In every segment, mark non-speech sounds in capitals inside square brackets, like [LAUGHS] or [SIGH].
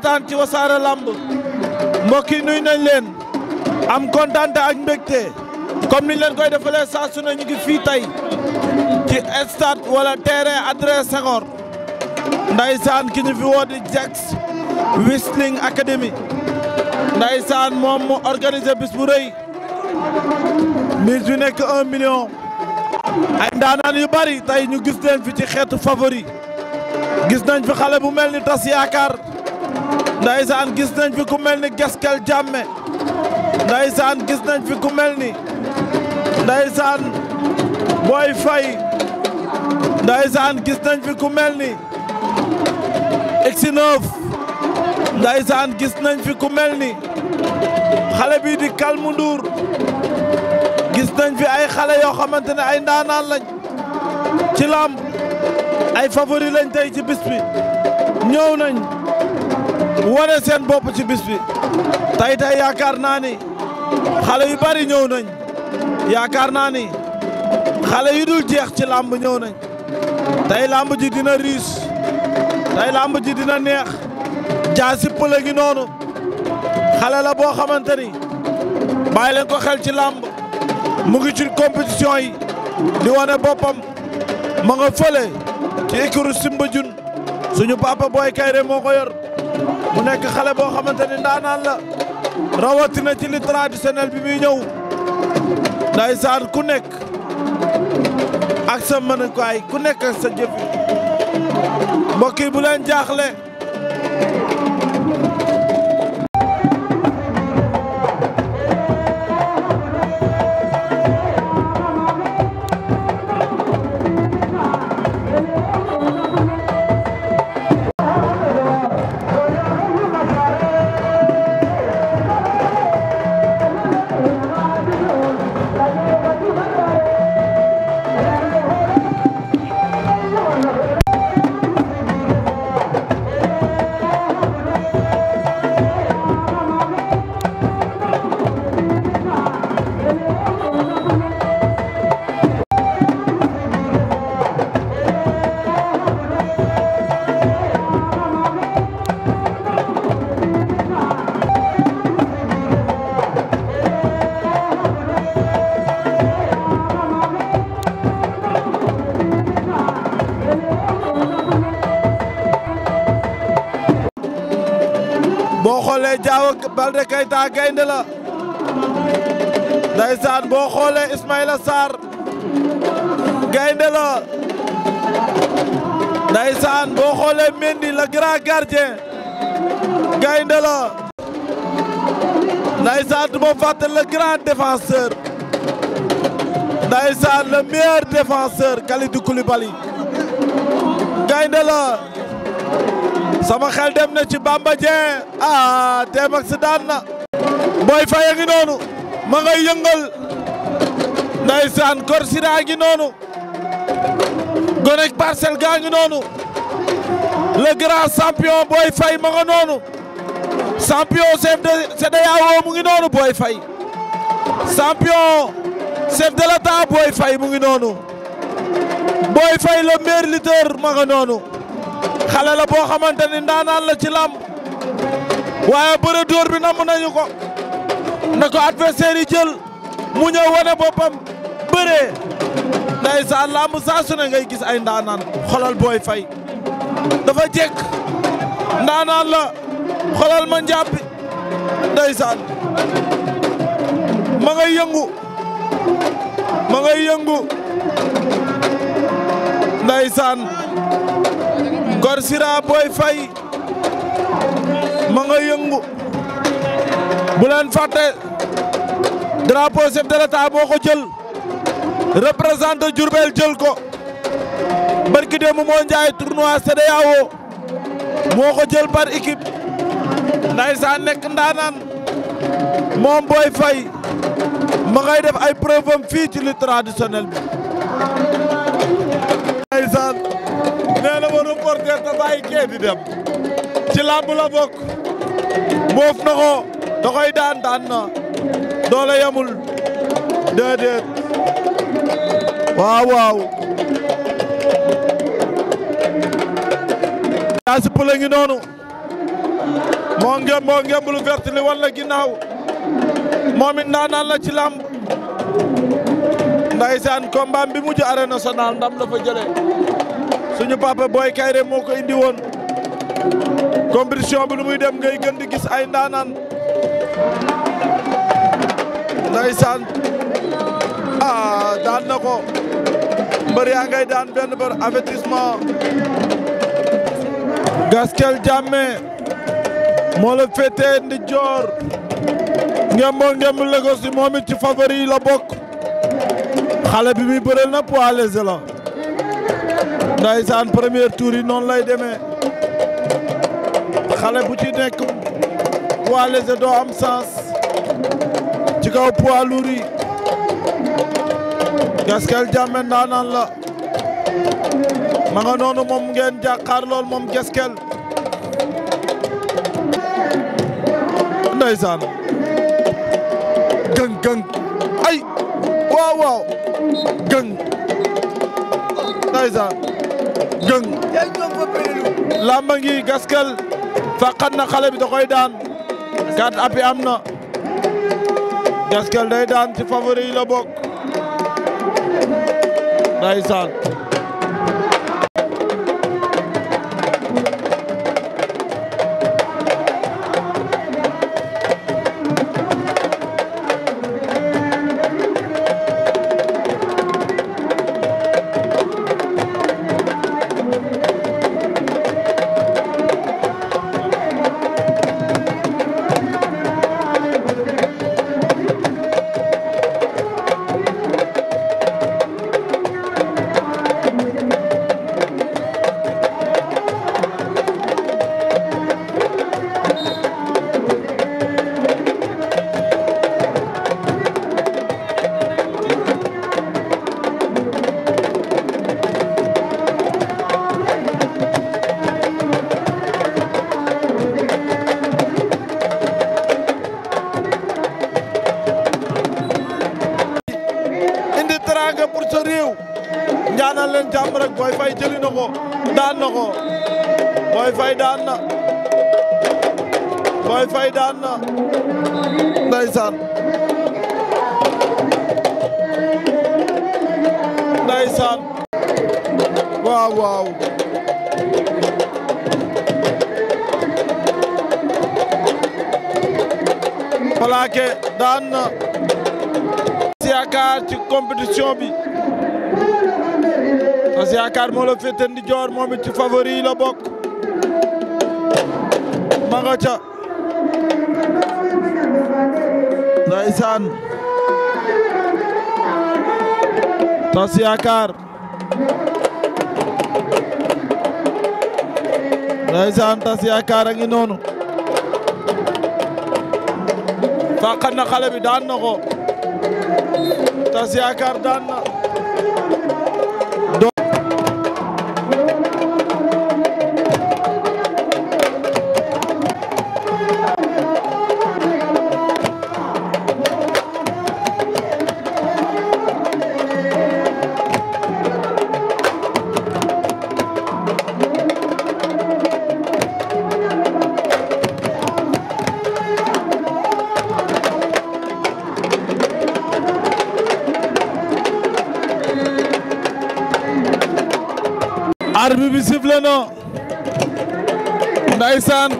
seetaan ci wasaare lamb mbokk yi nuyu nañ leen am kontaan ak mbégte comme niñ leen koy defalee saa su ne ñu fii tay ci stade wala terrain Adrien Senghor ndaysaan ki ñu fi woo di Jax Wrestling Academy ndaysaan moom mu organise bis bu rëy mise bi nekk un million ay ndaanaan yu bari tey ñu gis leen fi ci xeetu favori gis nañ fi xale bu mel ni tas yaakaar ndaysaan gis nañ fi ku mel ni Gaskel Jammeh ndaysaan gis nañ fi ku mel ni ndaysaan Boy Faye ndaysaan gis nañ fi ku mel ni X9 ndaysaan gis nañ fi ku mel ni xale bii di Kalmu Ndour gis nañ fi ay xale yoo xamante ne ay ndaanaan lañ ci làmb ay favori lañ tey ci bis bi ñëw nañ wane seen bopp ci bis bi tey yaakaar naa ni xale yu bari ñëw nañ yaakaar naa ni xale yu dul jeex ci làmb ñëw nañ tey làmb ji dina riis tey làmb ji dina neex jaasi pël a ngi noonu xale la boo xamante ni bàyyi leen ko xel ci làmb mu ngi ci compétition yi di wane boppam ma nga fële ci écurie Soumbédioune suñu papa booy Kayre moo ko bu nekk xale boo xamante ni ndaanaan la rawatina ci li traditionnel bi muy ñëw ndaysaan ku nekk ak sa mënukaay ku nekk ak sa jëf mbokk bu leen jaaxle Modou Lo Baldé gaynde la ndeysaan boo xoolee Ismaïla Sarr gaynde la ndeysaan boo xoolee Mendy le grand gardien gaynde la ndeysaan du ma fàtte le grand défenseur ndeysaan gaynde la sama xel dem na ci Bamba Dieng ah Tmax daan na Boy a ngi noonu ma ngay yëngal ndeysaan Korsira a ngi noonu gonek parcelle gaa ngi noonu le grand champion Boy ma nga noonu champion chef de CEDEAO mu ngi noonu Boy champion chef de l'État Boy Faye mu ngi noonu Boy Faye le meilleur ma nga noonu xale la boo xamante ni ndaanaan la ci làmb waaye bëre dóor bi namm nañu ko na ko adversaire jël mu ñëw wane boppam bëree ndeysaan làmb saa su ngay gis ay ndaanaan xolal booy fay dafa jekk ndaanaan la xolal ma njàppi ndeysaan ma ngay yëngu ma ngay yëngu ndeysaan Ngor Sira Boy Faye ma nga yëngu bu leen drapeau chef de moo ko jël représenté Diourbel jël ko barki démb moo njaay tournoi CEDEAO moo ko jël par équipe ndaysaan nekk ndaanaan moom Boy Faye ma ngay def ay preuve fii ci lutte traditionnelle bi warta bàyyi kee di dem ci làmb la bokk moof na ko daan daan na doole yamul déedéet waaw waaw yaa si noonu moo ngem moo ngem lu ginnaaw moom it ndaanaan la ci làmb ndaysaan combat bi mujj arène nationale ndam la fa suñu papa Boy Kayre moo ko indi woon compétition bi lu muy dem ngay gën di gis ay ndaanaan ndaysaan ah daan na ko mbër yaa ngay daan benn bër avertissement Gaskel Jammeh moo la féetee ndi joor ngemboo ngemb Lagos moom it ci favori la bokk xale bi muy bëreel na poids léger la ndaysaan premier tour yi noonu lay demee xale bu ci nekk poids léger doo am sens ci kaw poids lourd yi Gaskel Diamé ndaanaan la ma nga noonu moom ngeen jàkkaar lool moom Gaskel ndaysaan gëng gëng ay waaw waaw gëng ndaysaan gëng lamba ngi gaskel faqat na xale bi da koy daan kat api am na gaskel day daan ci favori yi la bokk daan na yaakaar ci compétition bi parce moo la féete ndi joor moom it ci favori la bokk ma nga ca ndeysaan tas a ngi noonu fàqat na xale bi daan na ko tas yaakaar daan na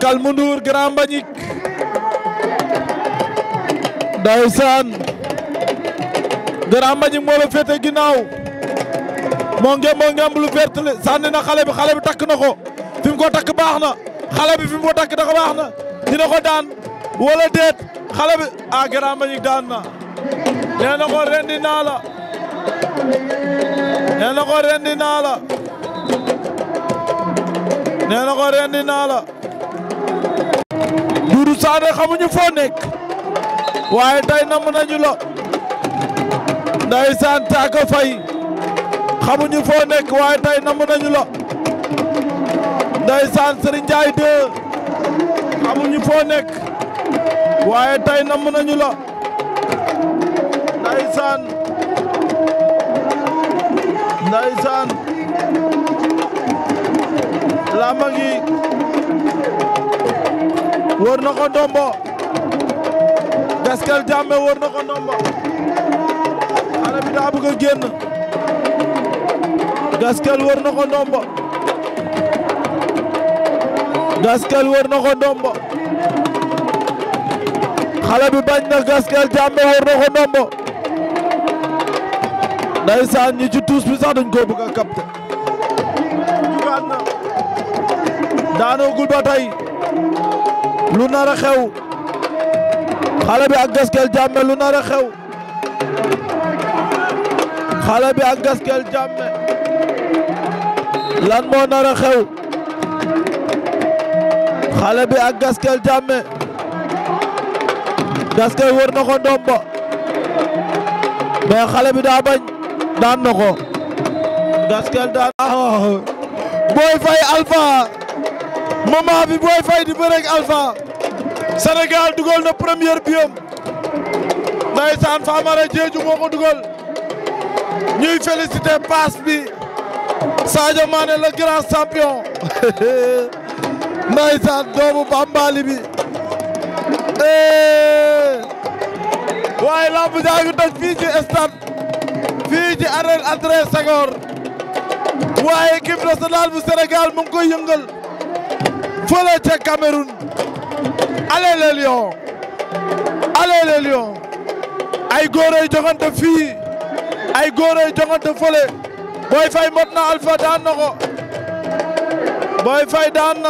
Calm Ndour Grand Mbagnick ndeysaan Grand Mbagnick moo la féete ginnaaw moo ngem moo ngem xale bi xale na ko fi ko takk baax na xale bi ko takk da ko baax na dina ko daan wala déet xale bi ah daan na nee ko rendi naa ko rendi Sané xamuñu foo nekk waaye tey namm nañu la ndeysaan Thiaka Faye xamuñu foo nekk waaye tey namm nañu la ndeysaan Serigne Ndiaye 2 xamuñu foo nekk waaye tey namm nañu la ndeysaan ndeysaan lamba ngi wër na ko ndombo Gaskel Jammeh wër na ko ndombo xale bi daa bëgg a génn Gaskel wër wër na ko xale bi bañ na Gaskel Jammeh wër na ko ndombo ndeysaan ci tuus bi sax dañ koo bëgg jugaat na daanoo ba tey lu nar a xew xale bi ak Gaskel Jamme lu nar a xew xale bi ak Gaskel Jamme lan moo nar a xew xale bi ak Gaskel Jamme Gaskel wër na ko ndombo mais xale bi daa bañ daan na Gaskel daan Boy Faye Alpha moment bi Boy Faye di bëreeg Alpha Sénégal dugal na première biom ndaysaan Famara Diédhiou moo ko dugal ñuy félicité passe bi Sadio Mané le grand champion [LAUGHS] ndaysaan doomu Bambali bi eh. waaye lamb jaa ngi toj fii ci stade fii ci arène Adrien Senghor waaye équipe nationale bu Sénégal mu koy yëngal fële ca Cameroun allez les Lions allez ay góor ay joxante fii ay góor ay joxante fële Boy Faye mot na Alpha daan na ko Boy Faye daan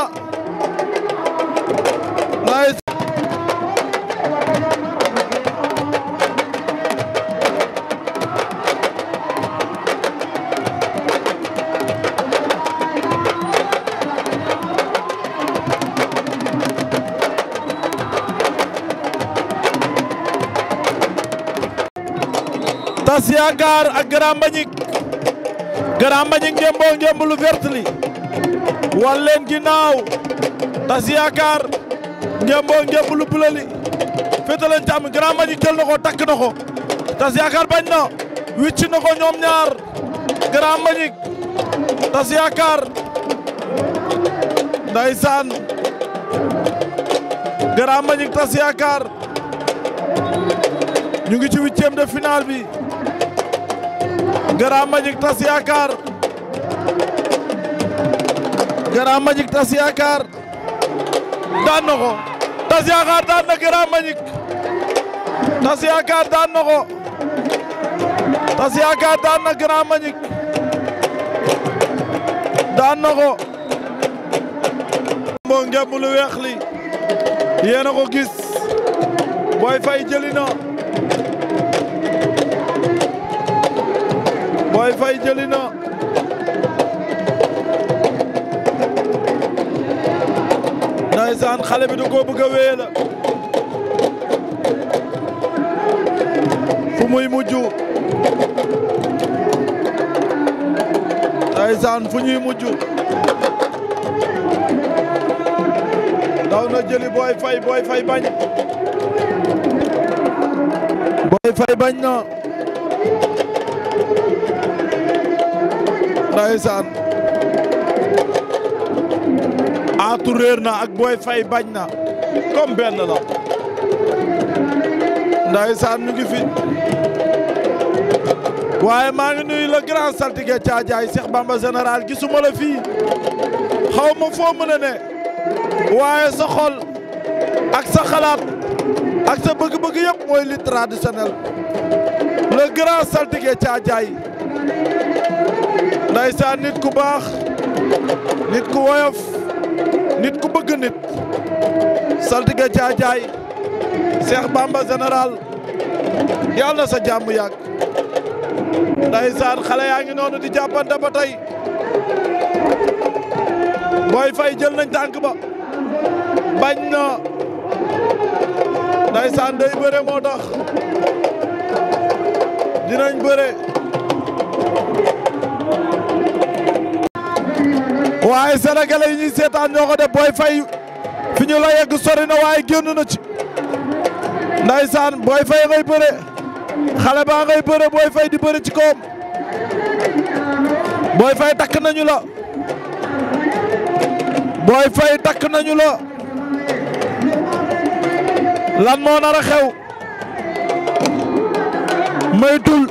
tas yaakaar ak Grand Mbagnick Grand Mbagnick ngemboo ngemb lu vert li wal leen ginnaaw tas yaakaar ngemboo ngemb lu bleu li takk na ko bañ na wicc na ñoom ñaar Grand Mbagnick tas yaakaar ndaysaan Grand Mbagnick tas ñu ngi ci de finale bi Grand Magic tas yaakaar Grand Magic tas yaakaar daan na ko tas yaakaar daan na Grand Magic tas yaakaar daan na ko tas yaakaar daan na Grand Magic daan na ko moo ngemb lu weex li yéena ko gis Boy Faye jëli na Boy Faye jëli na xale bi da koo bëgg a wéye la fu muy mujj ndaysaan fu ñuy na jëli Boy Faye bañ Boy Faye ndeysaan aatu réer na ak booy fay bañ na comme benn la ndeysaan ñu ngi fi waaye maa ngi nuyu le grand saltige caajaay Cheikh Bamba général gisuma la fii xaw foo mën a ne waaye sa xol ak sa xalaat ak sa bëgg-bëgg yëpp mooy li traditionnel le grand saltige caajaay ndaysaan nit ku baax nit ku woyof nit ku bëgg nit saltige caacaay Cheikh Bamba général yàlla na sa jàmm yàgg ndaysaan xale yaa ngi noonu di jàppante ba tey booy fay jël nañ tànk ba bañ na ndaysaan day bëre moo tax dinañ bëre waaye sénégalais yi ñuy seetaan ñoo ko def Boy Faye fi ñu la yegg sori na waaye génn na ci ndaysaan Boy Faye ngay bëre xale baa ngay bëre Boy Faye di bëre ci koom Boy Faye takk nañu la booy fay takk nañu la lan moo nar a xew maytul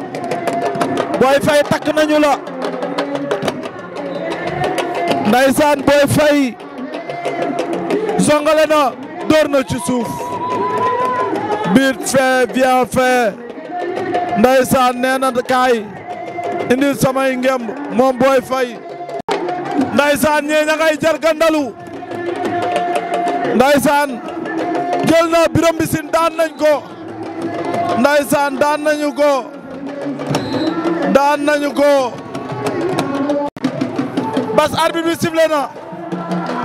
Boy Faye takk nañu la Ndaysaan Boy Faye zongale na door na ci suuf biir fee bien fee Ndaysaan nee na kaay indil samay ngemb moom Boy Faye Ndaysaan ñee ña ngay jargandalu Ndaysaan jël na biram bisin daan nañ ko Ndaysaan daan nañu ko daan nañu ko bas arbitre bi sifflé na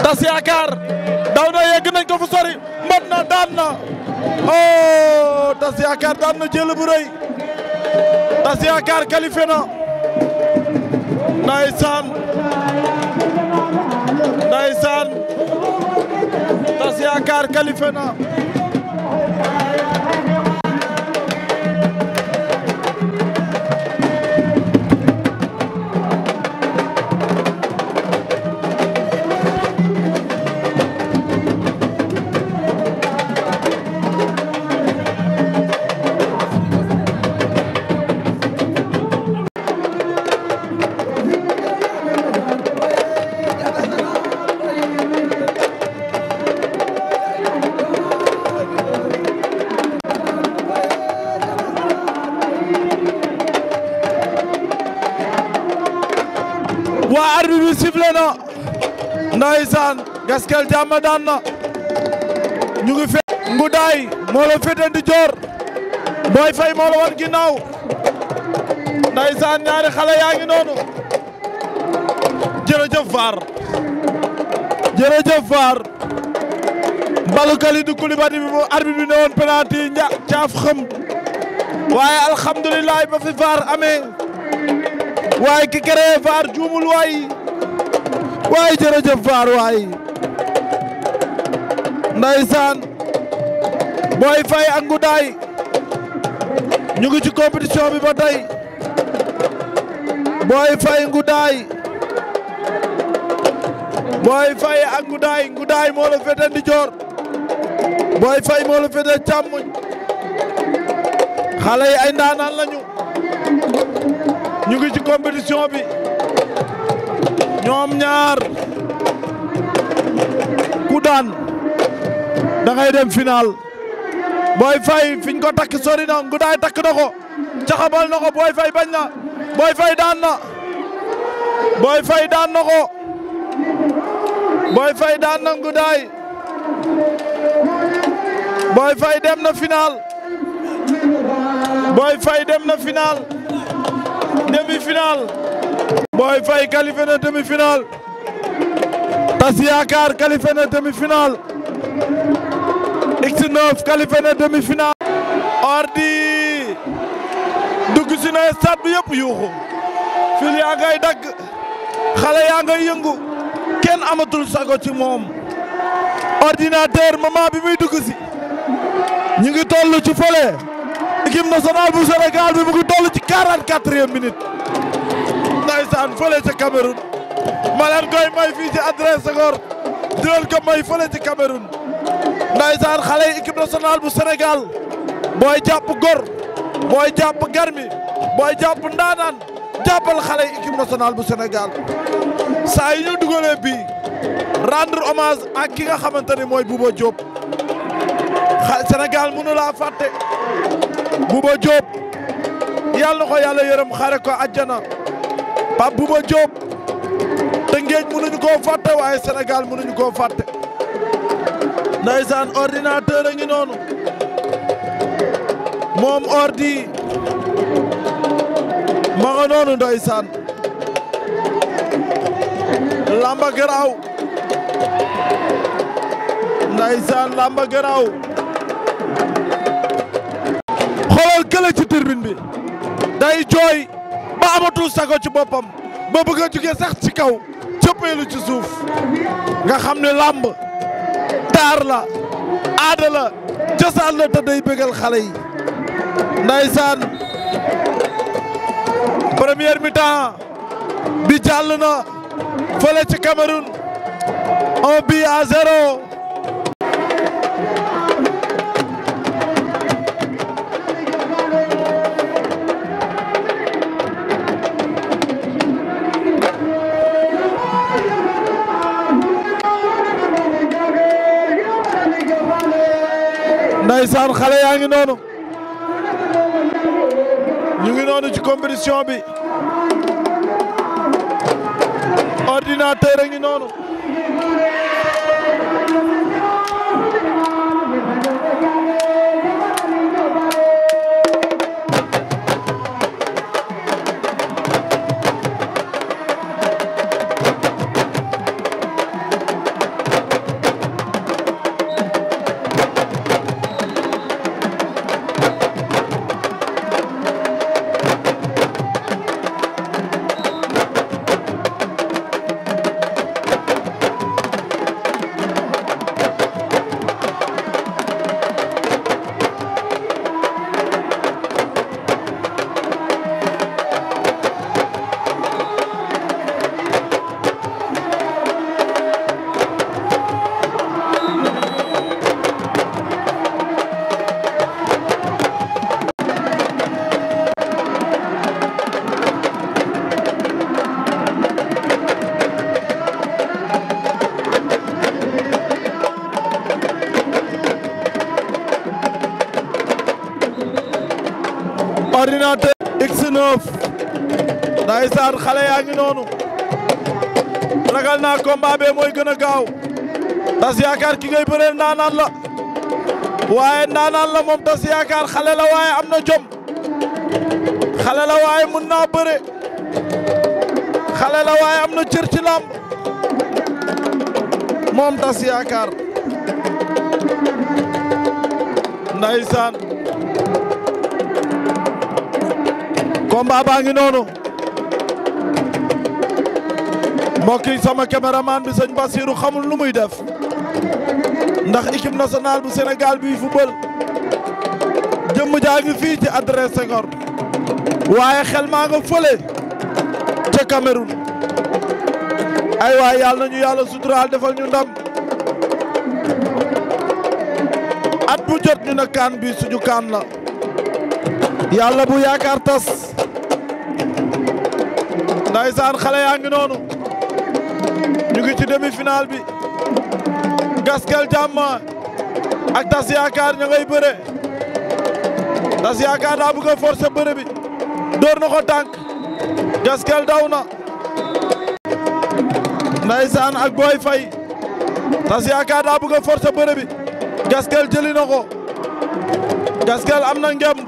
tas yaakaar daw na yegg nañ ko sori mbot na daan na oh tas yaakaar daan na jël bu tas yaakaar qualifié na ndeysaan ndeysaan tas yaakaar qualifié na Gaskel Jaama daan na ñu ngi fe Ngoudaye moo la féete joor Boy Faye moo la wan ginnaaw ndaysaan ñaari xale yaa ngi noonu jërëjëf Var jërëjëf Var mbalu Kalidou Koulibaly bi mu arbitre bi ne woon penalty ña caaf xam waaye alhamdulilah ba fi Var amee waaye ki créé juumul waay waaye jërëjëf Var waay Ndeysaan Boy Faye ak Ngoudaye ñu ngi ci compétition bi ba tey Boy Faye Ngoudaye Boy Faye ak Ngoudaye Ngoudaye moo la féete ndijoor Boy Faye moo la féete càmmoñ xale ay ndaanaan lañu ñu ngi ci compétition bi ñoom ñaar ku daan da ngay dem final Boy Faye fiñ ko takk sori na Ngoudaye takk na ko caxabal na ko Boy bañ na Boy Faye daan na Boy Faye daan na ko Boy Faye dem na final Boy Faye dem na final demi-final Boy Faye qualifié na demi-final Tass Yakar na demi-final 29 qualifié na demi-finale. Ordi dugg si na stade bi yëpp yuuxu fil yaa ngay dagg xale yaa ngay yëngu kenn amatul sago ci moom ordinateur moment bi muy dugg si ñu ngi toll ci fële équipe nationale bu Sénégal bi mu ngi toll ci 44e minute ndaysaan fële ca Cameroun ma koy may fii ci Adrien Senghor di leen ko may fële ci Cameroun ndaysaan xale yi équipe nationale bu Sénégal booy jàpp gor booy jàpp garmi booy jàpp ndaanaan jàppal xale yi équipe bu Sénégal saa yi ñu dugalee bii rendre hommage ak ki nga xamante ni mooy Bouba Diop Sénégal mënu laa fàtte Bouba Diop yàlla na ko yàlla yërëm xare ko àjjana Pape Bouba Diop te ngeej mënuñu koo fàtte waaye Sénégal mënuñu koo fàtte ndaysaan ordinateur a ngi noonu moom ordi ma nga noonu ndaysaan lamba garaaw ndaysaan lamba garaaw xoolal kële ci turbine bi day jooy ba amatul sago ci boppam ba bëgg a jóge sax ci kaw cëppeelu ci suuf nga xam ne làmb aar la aada la cosaan la te day bégal xale yi ndaysaan première mi-temps bi jàll na fële ci Cameroun un but à zéro Ndeysaan xale yaa ngi noonu ñu ngi noonu ci compétition bi ordinateur a ngi noonu ordinateur x xale yaa ngi noonu ragal naa combat bee mooy gën a gaaw tas yaakaar ki ngay bëree ndaanaan la waaye ndaanaan la moom tas yaakaar xale la waaye am na jom xale la waaye mën naa bëre xale la waaye am na cër moom tas yaakaar ndaysaan combat baa ngi noonu mbokk sama caméraman bi sëñ Bassirou xamul lu muy def ndax équipe nationale bu Sénégal bi football jëmm jaa ngi fii ci adresse Senghor waaye xel maa nga fële ca Cameroun ay waay yàlla nañu yàlla suturaal defal ñu ndam at bu jot ñu ne kaan bi suñu kaan la yàlla bu yaakaar tas ndaysaan xale yaa ngi noonu ñu ngi demi-finale bi Gaskel Diamma ak Tas Yaakaar ña ngay bëre Tas Yaakaar daa a forcer bëre bi dóor na ko tànk Gaskel daw na ndaysaan ak Boy Faye Tas Yaakaar daa a forcer bëre bi Gaskel jëli na Gaskel am na ngemb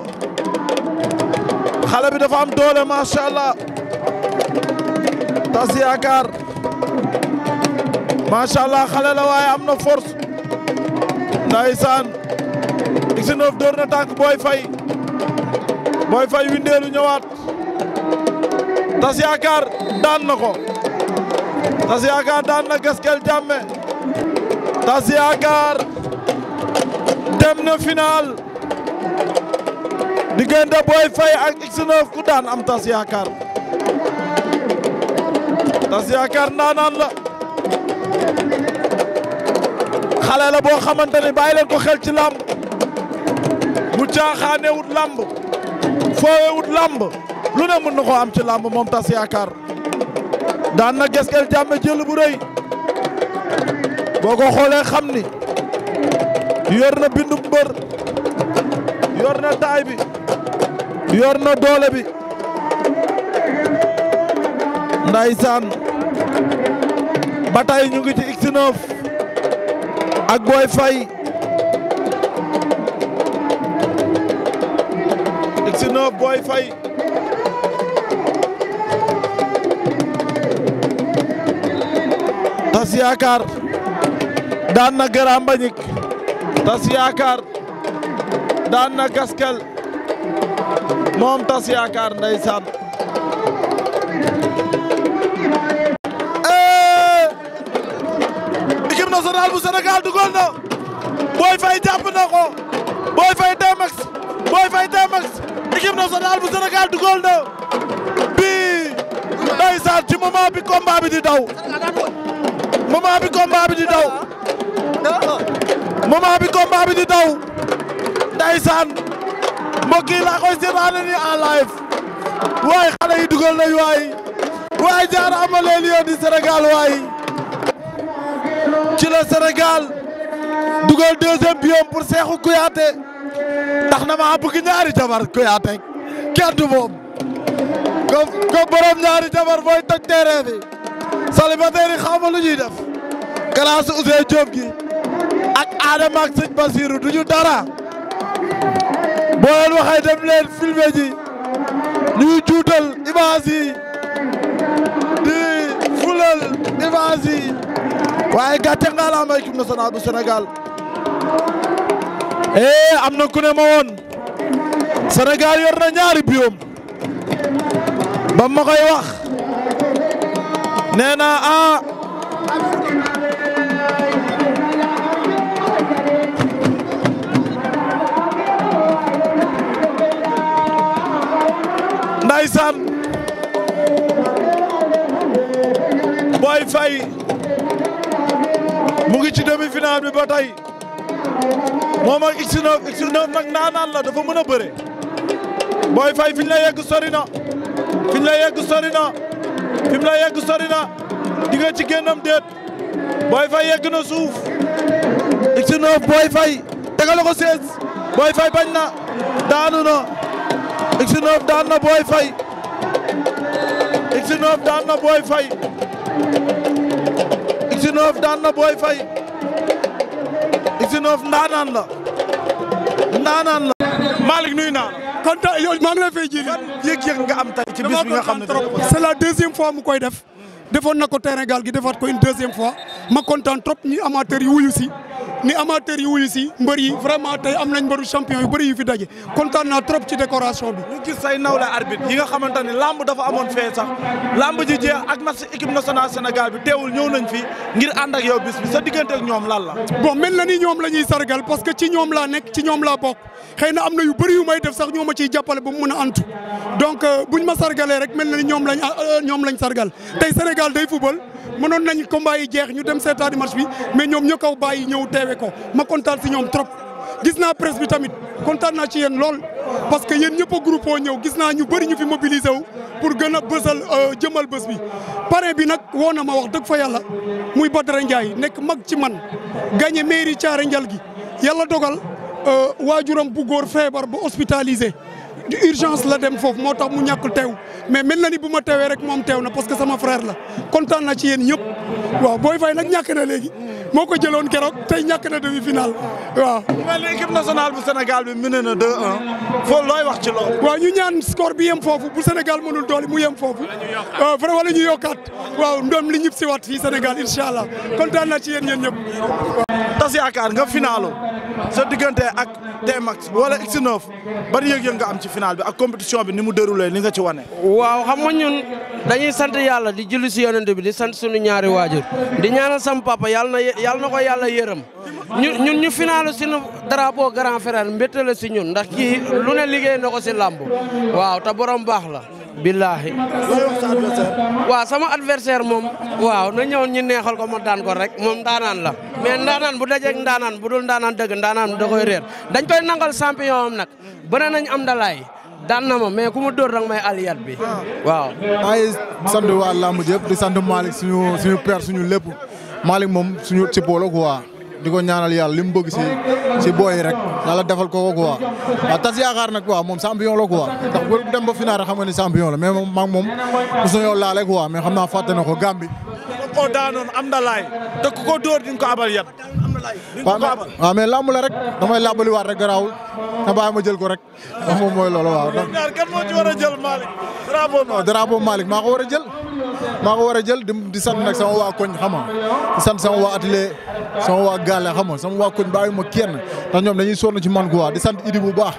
xale bi dafa doole macha tas yaakaar macha allah xale la waaye am na force ndaysaan X9 door na tànk Boy Faye Boy Faye windeelu ñëwaat tas yaakaar daan na ko tas yaakaar daan na gaskel jàmme tas yaakaar dem na final diggante Boy Faye ak x ku daan am tas yaakaar Tass Yakar ndaanaan la xale la boo xamante ne bàyyi leen ko xel ci làmb bu caaxaane wut làmb foowe wut làmb lu ne mën na ko am ci làmb moom Tass Yakar daan na Gaskel Jamme jël bu rëy boo ko xoolee xam ni yor na bindu mbër yor na taay bi yor na doole bi Ndaysaan ba ñu ngi ci x ak Boy Faye X9 Boy tas yaakaar daan na Grand tas yaakaar daan na Gaskel moom tas yaakaar ndeysaan national bu Sénégal na ko Boy Faye Tmax Boy Faye Tmax équipe nationale dugal na bii ndeysaan ci moment bi combat di daw moment bi combat di daw moment bi combat koy seetaane ni en live waaye xale yi dugal nañ waay waaye jaara di Sénégal waay ci la Sénégal dugal deuxième biom pour Cheikhou Kouyaté tax na maa bëgg ñaari jabar Kouyaté kenn du moom ko ko borom jabar mooy toj terrain bi célibataire yi xaw ma lu ñuy def grâce Ousseyn Diop gi ak Adama ak sëñ Basirou duñu dara boo leen waxee dem ji ñuy juutal image di fulal image waaye gàcce ngalaama équipe nationale bu Sénégal eh am na ku ne ma woon Sénégal yor na ñaari biom ma koy wax nee naa a ah. Ndeysaan Boy mu ngi ci demi finale bi ba tey moom ak X9 X9 nag naanaan la dafa mën a bëre Boy la yegg sori na fi ñu la yegg sori na fi mu yegg sori na di nga ci génnam déet Boy Faye yegg na suuf X9 Boy Faye tegale ko sees Boy Faye bañ na daanu na X9 daan na Boy Faye X9 daan na Boy Faye X9 daan na Boy Faye X9 ndaanaan la ndaanaan la. Malick nuyu naa la. kontaan yow maa ngi lay fay jëriñ. yëg-yëg nga am tey ci bis bi nga xam ne c'est la deuxième fois mu koy def. Hmm. defoon na ko terrain gaal gi defaat ko une deuxième fois ma kontaan trop ñi amateur yi wuyu si. ni amateur yi wuyu si mbër yi vraiment tey am nañ mbëru champion yu bëri yu fi daje kontaan naa trop ci décoration bi. ñu gis say nawle arbitre yi nga xamante ne lamb dafa amoon fee sax lamb ji jeex ak match équipe nationale Sénégal bi teewul ñëw nañ fi ngir ànd ak yow bis bi sa diggante ak ñoom lan la. bon mel na ni ñoom la ñuy sargal parce que ci ñoom laa nekk ci ñoom laa bokk xëy na am na yu bëri yu may def sax ñoo ma ciy jàppale ba mu mun a ant donc euh, buñ ma sargalee rek mel na ni ñoom lañ euh, ñoom lañ sargal tey Sénégal day football mënoon nañ combat yi jeex ñu dem seetaani match bi mais ñoom ñoo kaw bàyyi ñëw teewe ko ma kontaan si ñoom trop. gis naa presse bi tamit kontaan naa ci yéen lool parce que yéen ñëpp a groupe ñëw gis naa ñu bëri ñu fi mobilisé wu pour gën a bësal euh, jëmal bés bi. pare bi nag woo na ma wax dëgg fa yàlla muy Badara Ndiaye nekk mag ci man gagné mairie Thiaré Ndial gi yàlla dogal euh, waajuram bu góor feebar ba hospitalisé. du urgence la dem foofu moo tax mu ñàkkul teew mais mel na ni bu ma teewee rek moom teew na parce que sama frère la kontaan na ci yéen ñëpp waaw booy Faye nag ñàkk na léegi moo ko jëloon keroog tey ñàkk na demi final waaw. mel ni équipe bu Sénégal bi na looy wax ci loolu. ñu ñaan score bi yem foofu bu Sénégal mënul doole mu yem foofu vraiment la ñu yokkaat waaw ndoom li ñëpp si waat fii Sénégal incha allah kontaan na ci yéen ñëpp. tas yaakaar nga finaalo sa diggante ak T-Max wala X9 ban yëg nga am ci final bi ak compétition bi ni mu déroulé li nga ci wane. waaw xam ñun dañuy sant yàlla di julli si yonent bi di sant suñu ñaari waajur di ñaanal sam papa yàlla na yàlla na ko yàlla yërëm ñu ñun ñu finalu suñu drapeau grand frère mbétte la si ñun ndax kii lu ne liggéey na ko si làmb waaw te borom baax la. billaahi. waa sama adversaire moom. waaw na ñëw ñu neexal ko ma daan ko rek moom ndaanaan la mais ndaanaan bu dajeeg ndaanaan bu dul ndaanaan dëgg ndaanaan da koy réer dañ koy nangal champion am nag bëre nañ am dalaay daan na ma mais ku mu dóor danga may aliyat bi waaw. maa ngi sant waa làmb yëpp di sant Malick suñu suñu suñu lépp Malick moom suñu ci boolo quoi. di ko ñaanal yàlla li mu bëgg si si booy rek yàlla defal ko ko quoi waaw tas yaakaar nag quoi moom champion la quoi ndax bu dem ba final rek xam nga ni champion la mais moom maag moom bu soo laale quoi mais xam naa fàtte na ko Gambie. ko daanoon am na laay te ku ko dóor di ko abal yat waaw mais làmb la rek damay làmbaliwaat rek garaawul na bàyyi ma jël ko rek wax moom mooy loolu waaw. ndax kan moo a jël Malick maa ko war a jël. maa ko war a jël di sant nag sama waa koñ xam nga di sant sama waa atelier sama waa gaale xam nga sama waa koñ bàyyi ma kenn ndax ñoom dañuy sonn ci man quoi di sant Idi bu baax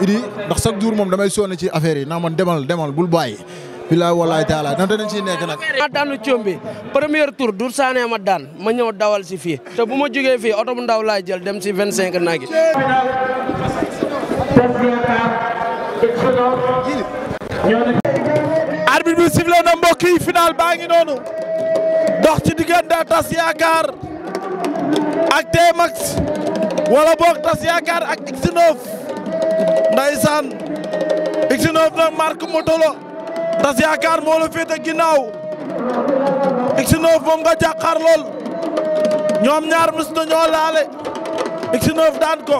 Idi ndax chaque jour moom damay sonn ci affaire yi naa man demal demal bul baay bilaay walaay taalaay nante dañ siy nekk nag maa daanu combi premier tour dur saanee ma daan ma ñëw dawal si fii te bu ma jógee fii oto bu jël dem si vingt cinq naagi arbitre bi sifflé na mbokk yi baa ngi noonu dox ci diggante tas yaakaar ak T-Max wala boog tas yaakaar ak X9 ndeysaan X9 nag marque tas yaakaar moo la féete ginnaaw X9 moom nga lool ñoom ñaar mës na ñoo laale X9 daan ko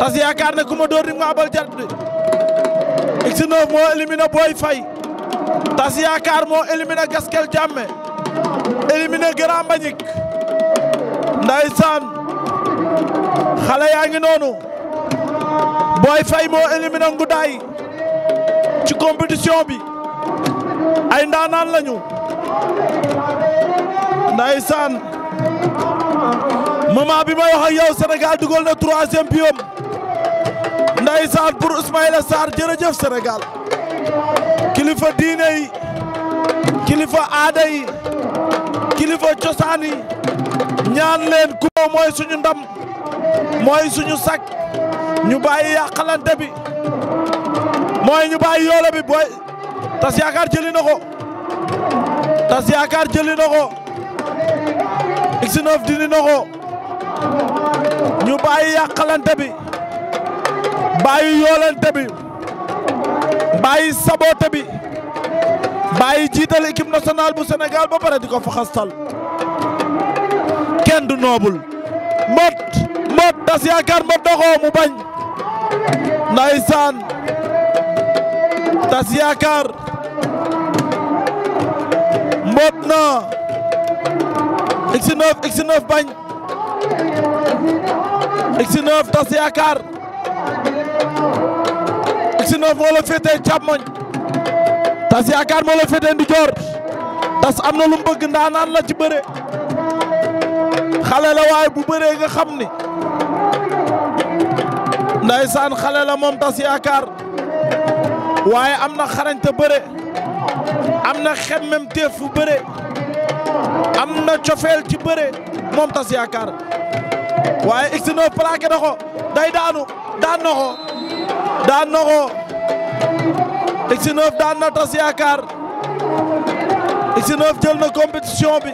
tas yaakaar ne ku dóor di ma abal jat bi X9 moo éliminé Boy tas yaakaar moo éliminé Gaskel Jammeh éliminé Grand Mbagnick ndeysaan xale yaa ngi noonu Boy Faye moo éliminé Ngoudaye ci compétition bi ay ndaanaan lañu ndaysaan moment bi may wax ak yow Sénégal dugal na troisième pion ndaysaan pour Ismaïla Sarr jërëjëf Sénégal kilifa diine yi kilifa aada yi kilifa cosaan yi ñaan leen kubo mooy suñu ndam mooy suñu sak ñu bàyyi yàqalante bi mooy ñu bàyyi yoole bi booy tas yaakaar jëli na ko tas yaakaar jëli na ko X9 ñu bàyyi yàqalante bi bàyyi yoolante bi bàyyi sabote bi bàyyi jiital équipe nationale bu Sénégal ba pare di ko faxastal kenn du noobul mot mot tas yaakaar mot na mu bañ ndeysaan tas yaakaar mboot na X9 X9 bañ X9 tas yaakaar X9 moo la féetee càmmoñ tas yaakaar moo la féetee ndijoor tas am na lu mu bëgg ndaanaan la ci bëre xale la waaye bu bëree nga xam ni ndaysaan xale la moom tas yaakaar waaye am na xarañte bëre am na xemmem téef fu bëre am na cofeel ci bëre moom tas yaakaar waaye X9 plaqué na day daanu daan na daan na X9 daan na tas yaakaar X9 jël na compétition bi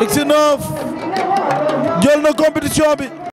X9 jël na compétition bi